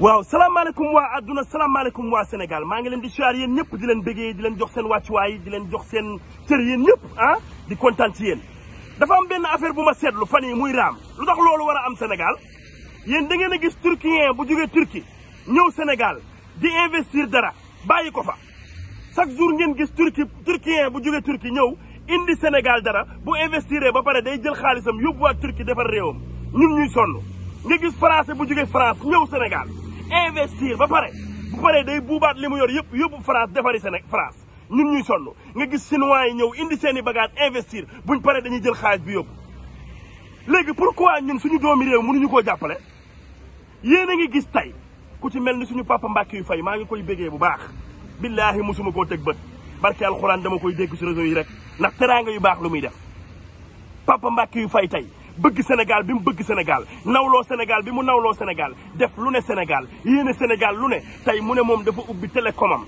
waaw salaamaaleykum waa àdduna salaamaaleykum waa Sénégal maa ngi leen di siyaar yéen ñëpp di leen bëggee di leen jox seen wàccuwaay di leen jox seen cër yéen ñëpp ah di kontaan ci yéen dafa am benn affaire bu ma seetlu fan yi muy raam lu tax loolu war am senegal yéen da ngeen a gis turquien bu jógee Turquie ñëw Sénégal di investir dara bàyyi ko fa chaque jour ngeen gis turki turquien bu jógee Turquie ñëw indi senegal dara bu investir ba pare day jël xaalisam yóbbuwaat Turquie defar réewam ñun ñuy sonn nga gis français bu jógee France ñëw Sénégal investir ba pare bu paree day buubaat li mu yor yëpp yëpp France defari Sénégal France ñun ñuy sonn nga gis chinois yi ñëw indi seen i bagage investir buñ paree dañuy jël xaaj bi yóbbu léegi pourquoi ñun suñu doomi réew mënuñu ko jàppale yéen a ngi gis tey ku ci mel ni suñu papa Mbàkke yu fay maa ngi koy bégee bu baax billaahi musuma koo teg bët barke alxuraan dama koy dégg si réseau yi rek ndax teraanga yu baax lu muy def papa Mbàkke yu fay tey bëgg Sénégal bi mu bëgg Sénégal nawloo Sénégal bi mu nawloo Sénégal def lu ne Sénégal yéene Sénégal lu ne tey mu ne moom dafa ubbi télécomam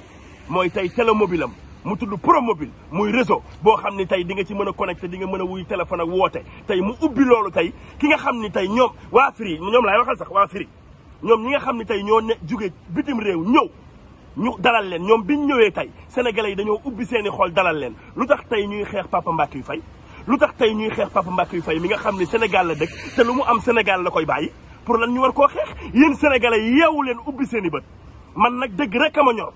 mooy tey télémobile am mu tudd promobile muy réseau boo xam ni tey di nga ci mën a connecté di nga mën a wuy téléphone ak woote tey mu ubbi loolu tey ki nga xam ni tey ñoom waa fri ñoom laay waxal sax waa Free ñoom ñi nga xam ni tey ñoo ne jóge bitim réew ñëw ñu dalal leen ñoom biñ ñëwee tey sénégalais yi dañoo ubbi seeni xol dalal leen lu tax tey ñuy xeex Papa Mbacké fay lu tax tey ñuy xeex Papa Mbackiyou fay mi nga xam ne Sénégal la dëkk te lu mu am Sénégal la koy bàyyi pour lan ñu war koo xeex yéen sénégalais yeewu leen ubbi seen i bët man nag dëgg rek a ma ñor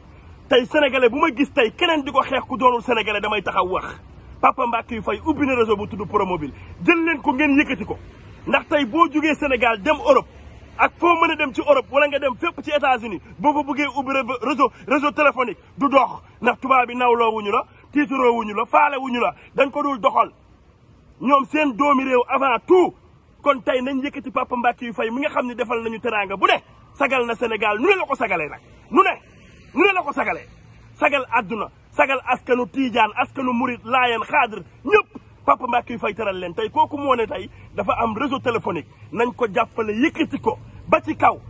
tey sénégalais bu ma gis tey keneen di ko xeex ku doonul sénégalais damay taxaw wax Papa Mbackiyou Faye ubbi na réseau bu tudd Promobile jël leen ko ngeen yëkkati ko ndax tey boo jugee Sénégal dem Europe ak foo mën a dem ci Europe wala nga dem fépp ci États-Unis boo ko bëggee ubbi réseau réseau téléphonique du dox ndax tubaab bi nawloo wuñu la tiituroo wuñu la faale la dañ ko dul doxal ñoom seen doomi réew avant tout kon tey nañ yëkkati Papa Mbacké yu fay mi nga xam ne defal nañu teraanga bu ne sagal na Sénégal nu ne la ko sagalee nag nu ne nu ne la ko sagale sagal àdduna sagal askanu tiijaan askanu murit laayan xaadir ñëpp Papa Mbacké yu fay teral leen tey kooku moo ne tey dafa am réseau téléphonique nañ ko jàppale yëkkati ko ba ci kaw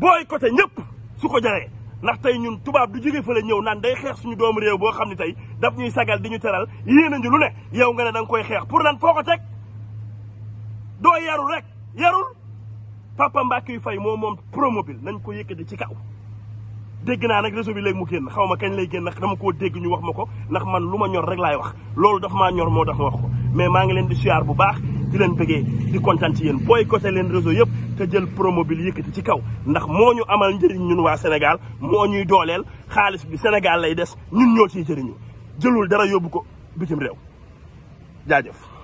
boycotté ñëpp su ko jaree ndax tey ñun tubaab du jóge fële ñëw naan day xeex suñu doomu réew boo xam ne tey daf ñuy sagal di ñu teral yéen a ñu lu ne yow nga ne da koy xeex pour lan foo ko teg doo yarul rek yarul papa Mbackiyou Faye moo moom promobile nañ ko yëkkati ci kaw. dégg naa nag réseau bi léegi mu génn xaw ma kañ lay génn dama koo dégg ñu wax ma ko ndax man lu ma ñor rek laay wax loolu daf maa ñor moo tax ma wax ko mais maa ngi leen di siyaar bu baax. di leen bëggee di kontaan ci yéen boycotté leen réseau yëpp te jël promo bi yëkkati ci kaw ndax moo ñu amal njëriñ ñun waa Sénégal moo ñuy dooleel xaalis bi Sénégal lay des ñun ñoo ciy jëriñu jëlul dara yóbbu ko bitim réew jaajëf.